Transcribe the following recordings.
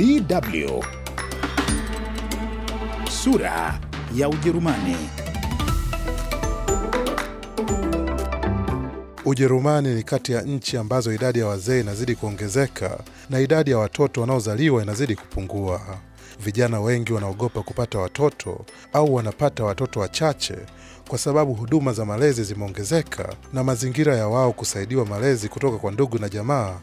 DW sura ya Ujerumani. Ujerumani ni kati ya nchi ambazo idadi ya wazee inazidi kuongezeka na idadi ya watoto wanaozaliwa inazidi kupungua. Vijana wengi wanaogopa kupata watoto au wanapata watoto wachache kwa sababu huduma za malezi zimeongezeka na mazingira ya wao kusaidiwa malezi kutoka kwa ndugu na jamaa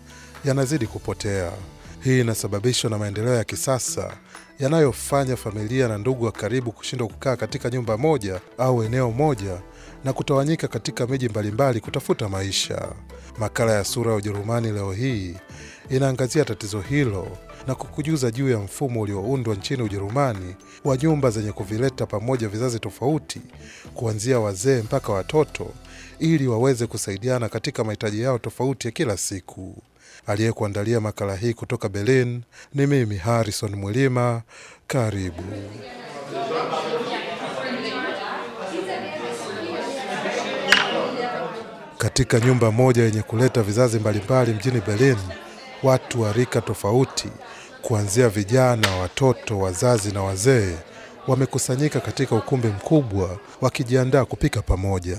yanazidi kupotea. Hii inasababishwa na maendeleo ya kisasa yanayofanya familia na ndugu wa karibu kushindwa kukaa katika nyumba moja au eneo moja na kutawanyika katika miji mbalimbali kutafuta maisha. Makala ya Sura ya Ujerumani leo hii inaangazia tatizo hilo na kukujuza juu ya mfumo ulioundwa nchini Ujerumani wa nyumba zenye kuvileta pamoja vizazi tofauti kuanzia wazee mpaka watoto ili waweze kusaidiana katika mahitaji yao tofauti ya kila siku. Aliyekuandalia makala hii kutoka Berlin ni mimi Harrison Mwilima. Karibu. Katika nyumba moja yenye kuleta vizazi mbalimbali mjini Berlin, watu wa rika tofauti kuanzia vijana, watoto, wazazi na wazee wamekusanyika katika ukumbi mkubwa wakijiandaa kupika pamoja.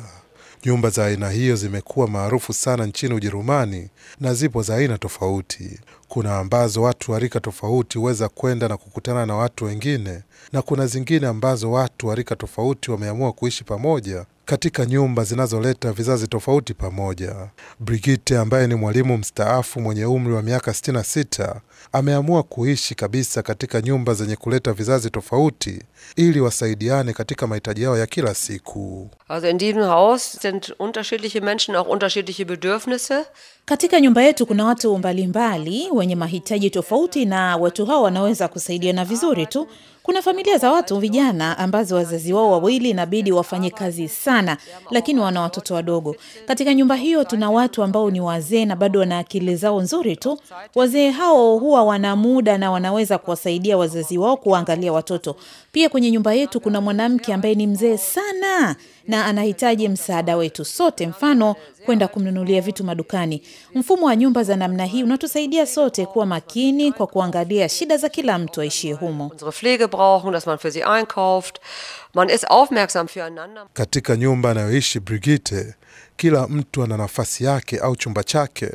Nyumba za aina hiyo zimekuwa maarufu sana nchini Ujerumani na zipo za aina tofauti. Kuna ambazo watu wa rika tofauti huweza kwenda na kukutana na watu wengine, na kuna zingine ambazo watu wa rika tofauti wameamua kuishi pamoja katika nyumba zinazoleta vizazi tofauti pamoja. Brigitte ambaye ni mwalimu mstaafu mwenye umri wa miaka 66 ameamua kuishi kabisa katika nyumba zenye kuleta vizazi tofauti ili wasaidiane katika mahitaji yao ya kila siku. Also in diesem Haus sind unterschiedliche Menschen auch unterschiedliche Bedürfnisse. Katika nyumba yetu kuna watu mbalimbali mbali, wenye mahitaji tofauti na watu hao wanaweza kusaidiana vizuri tu. Kuna familia za watu vijana ambazo wazazi wao wawili inabidi wafanye kazi sana, lakini wana watoto wadogo. Katika nyumba hiyo tuna watu ambao ni wazee na bado wana akili zao nzuri tu. Wazee hao huwa kuwa wana muda na wanaweza kuwasaidia wazazi wao kuwaangalia watoto. Pia kwenye nyumba yetu kuna mwanamke ambaye ni mzee sana na anahitaji msaada wetu sote, mfano kwenda kumnunulia vitu madukani. Mfumo wa nyumba za namna hii unatusaidia sote kuwa makini kwa kuangalia shida za kila mtu aishie humo. Katika nyumba anayoishi Brigitte kila mtu ana nafasi yake au chumba chake,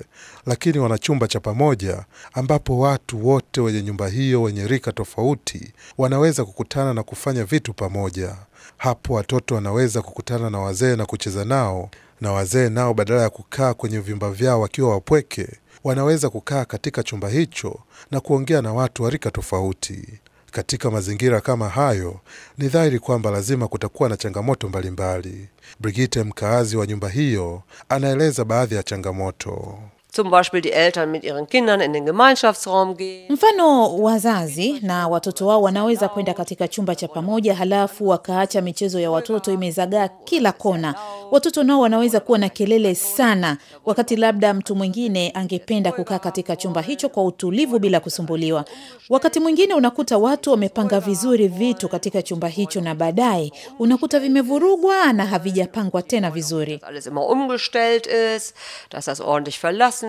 lakini wana chumba cha pamoja ambapo watu wote wenye nyumba hiyo wenye rika tofauti wanaweza kukutana na kufanya vitu pamoja. Hapo watoto wanaweza kukutana na wazee na kucheza nao, na wazee nao badala ya kukaa kwenye vyumba vyao wakiwa wapweke, wanaweza kukaa katika chumba hicho na kuongea na watu wa rika tofauti. Katika mazingira kama hayo, ni dhahiri kwamba lazima kutakuwa na changamoto mbalimbali. Brigitte, mkaazi wa nyumba hiyo, anaeleza baadhi ya changamoto zum Beispiel die Eltern mit ihren Kindern in den Gemeinschaftsraum gehen. Mfano, wazazi na watoto wao wanaweza kwenda katika chumba cha pamoja, halafu wakaacha michezo ya watoto imezagaa kila kona. Watoto nao wanaweza kuwa na kelele sana, wakati labda mtu mwingine angependa kukaa katika chumba hicho kwa utulivu bila kusumbuliwa. Wakati mwingine unakuta watu wamepanga vizuri vitu katika chumba hicho, na baadaye unakuta vimevurugwa na havijapangwa tena vizuri. Alles immer umgestellt ist, dass das ordentlich verlassen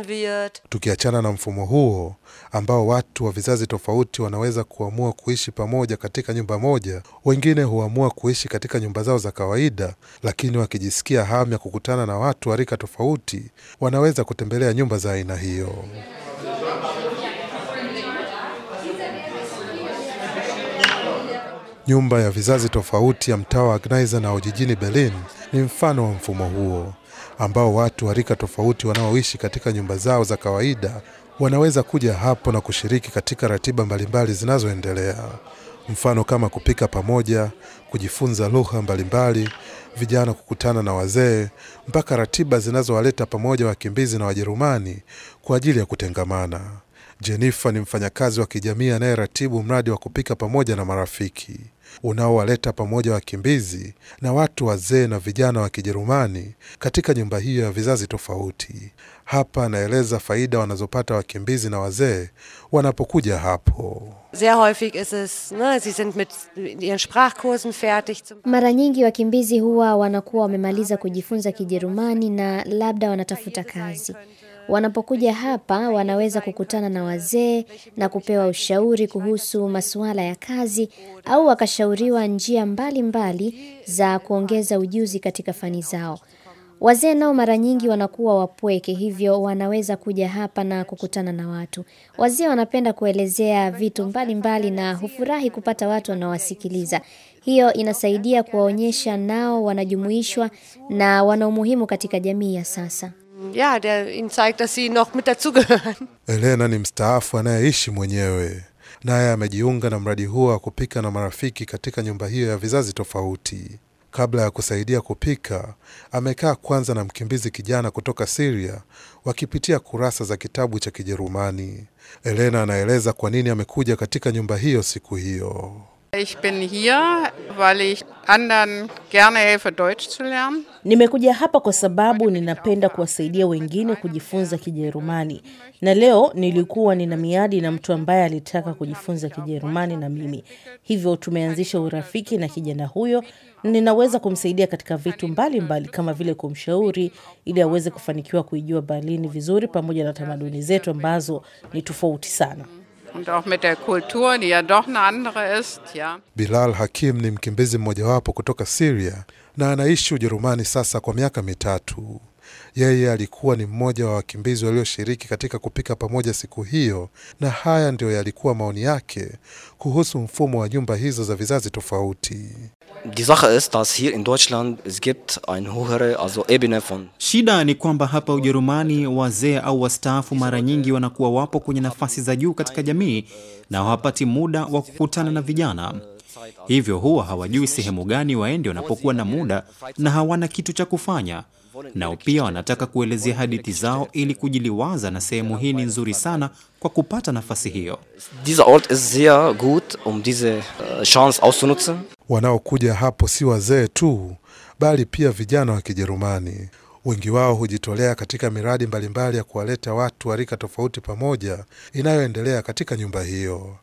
Tukiachana na mfumo huo ambao watu wa vizazi tofauti wanaweza kuamua kuishi pamoja katika nyumba moja, wengine huamua kuishi katika nyumba zao za kawaida, lakini wakijisikia hamu ya kukutana na watu wa rika tofauti, wanaweza kutembelea nyumba za aina hiyo. Nyumba ya vizazi tofauti ya mtaa wa Gneisenau jijini Berlin ni mfano wa mfumo huo ambao watu wa rika tofauti wanaoishi katika nyumba zao za kawaida wanaweza kuja hapo na kushiriki katika ratiba mbalimbali zinazoendelea, mfano kama kupika pamoja, kujifunza lugha mbalimbali, vijana kukutana na wazee, mpaka ratiba zinazowaleta pamoja wakimbizi na Wajerumani kwa ajili ya kutengamana. Jenifa ni mfanyakazi wa kijamii anayeratibu mradi wa kupika pamoja na marafiki unaowaleta pamoja wakimbizi na watu wazee na vijana wa Kijerumani katika nyumba hiyo ya vizazi tofauti. Hapa anaeleza faida wanazopata wakimbizi na wazee wanapokuja hapo. Sehr häufig ist es, ne, sie sind mit ihren Sprachkursen fertig. Mara nyingi wakimbizi huwa wanakuwa wamemaliza kujifunza Kijerumani na labda wanatafuta kazi. Wanapokuja hapa wanaweza kukutana na wazee na kupewa ushauri kuhusu masuala ya kazi au wakashauriwa njia mbalimbali mbali za kuongeza ujuzi katika fani zao. Wazee nao mara nyingi wanakuwa wapweke, hivyo wanaweza kuja hapa na kukutana na watu. Wazee wanapenda kuelezea vitu mbalimbali mbali na hufurahi kupata watu wanaowasikiliza. Hiyo inasaidia kuwaonyesha nao wanajumuishwa na wana umuhimu katika jamii ya sasa ja, der ihnen zeigt, dass sie noch mit dazugehören. Elena ni mstaafu anayeishi mwenyewe naye amejiunga na mradi huo wa kupika na marafiki katika nyumba hiyo ya vizazi tofauti. Kabla ya kusaidia kupika, amekaa kwanza na mkimbizi kijana kutoka Siria wakipitia kurasa za kitabu cha Kijerumani. Elena anaeleza kwa nini amekuja katika nyumba hiyo siku hiyo. Ich bin hier, weil ich anderen gerne helfe Deutsch zu lernen. Nimekuja hapa kwa sababu ninapenda kuwasaidia wengine kujifunza Kijerumani. Na leo nilikuwa nina miadi na mtu ambaye alitaka kujifunza Kijerumani na mimi. Hivyo tumeanzisha urafiki na kijana huyo. Ninaweza kumsaidia katika vitu mbalimbali mbali, kama vile kumshauri ili aweze kufanikiwa kuijua Berlin vizuri pamoja na tamaduni zetu ambazo ni tofauti sana und auch mit der Kultur, die ja doch eine andere ist, ja. Bilal Hakim ni mkimbizi mmojawapo kutoka Syria na anaishi Ujerumani sasa kwa miaka mitatu. Yeye alikuwa ni mmoja wa wakimbizi walioshiriki katika kupika pamoja siku hiyo, na haya ndiyo yalikuwa maoni yake kuhusu mfumo wa nyumba hizo za vizazi tofauti. Die Sache ist, dass hier in Deutschland es gibt eine höhere also Ebene von. Shida ni kwamba hapa Ujerumani wazee au wastaafu mara nyingi wanakuwa wapo kwenye nafasi za juu katika jamii na hawapati muda wa kukutana na vijana hivyo huwa hawajui sehemu gani waende wanapokuwa na muda na hawana kitu cha kufanya. Nao pia wanataka kuelezea hadithi zao ili kujiliwaza, na sehemu hii ni nzuri sana kwa kupata nafasi hiyo. Um äh, Wanaokuja hapo si wazee tu, bali pia vijana wa Kijerumani. Wengi wao hujitolea katika miradi mbalimbali ya kuwaleta watu wa rika tofauti pamoja inayoendelea katika nyumba hiyo.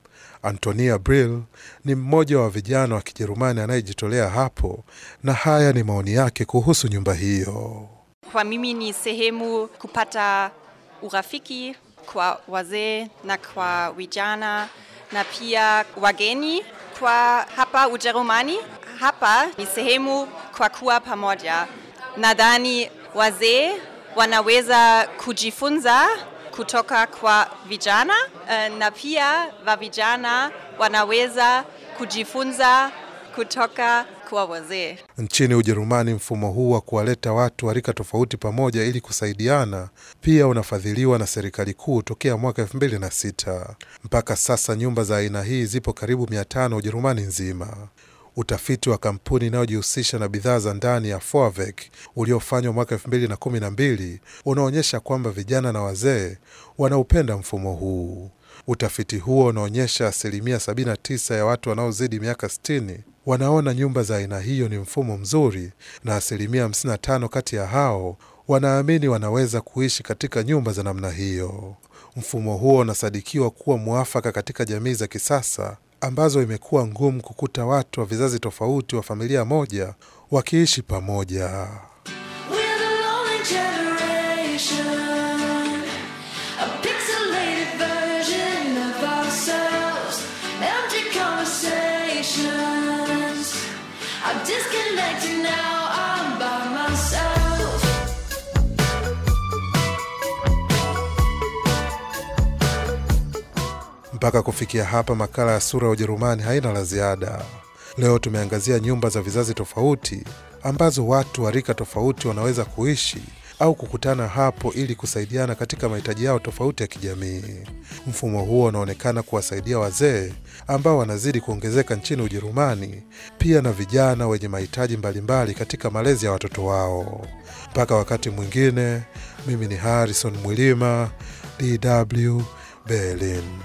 Antonia Brill ni mmoja wa vijana wa Kijerumani anayejitolea hapo, na haya ni maoni yake kuhusu nyumba hiyo. Kwa mimi ni sehemu kupata urafiki kwa wazee na kwa vijana na pia wageni kwa hapa Ujerumani. Hapa ni sehemu kwa kuwa pamoja. Nadhani wazee wanaweza kujifunza kutoka kwa vijana eh, na pia wa vijana wanaweza kujifunza kutoka kwa wazee. Nchini Ujerumani, mfumo huu wa kuwaleta watu wa rika tofauti pamoja ili kusaidiana pia unafadhiliwa na serikali kuu tokea mwaka elfu mbili na sita. Mpaka sasa nyumba za aina hii zipo karibu mia tano Ujerumani nzima. Utafiti wa kampuni inayojihusisha na bidhaa za ndani ya Foavek uliofanywa mwaka 2012 unaonyesha kwamba vijana na wazee wanaupenda mfumo huu. Utafiti huo unaonyesha asilimia 79 ya watu wanaozidi miaka 60 wanaona nyumba za aina hiyo ni mfumo mzuri, na asilimia 55 kati ya hao wanaamini wanaweza kuishi katika nyumba za namna hiyo. Mfumo huo unasadikiwa kuwa mwafaka katika jamii za kisasa ambazo imekuwa ngumu kukuta watu wa vizazi tofauti wa familia moja wakiishi pamoja. now Mpaka kufikia hapa, makala ya Sura ya Ujerumani haina la ziada. Leo tumeangazia nyumba za vizazi tofauti ambazo watu wa rika tofauti wanaweza kuishi au kukutana hapo ili kusaidiana katika mahitaji yao tofauti ya kijamii. Mfumo huo unaonekana kuwasaidia wazee ambao wanazidi kuongezeka nchini Ujerumani, pia na vijana wenye mahitaji mbalimbali katika malezi ya watoto wao. Mpaka wakati mwingine, mimi ni Harrison Mwilima, DW Berlin.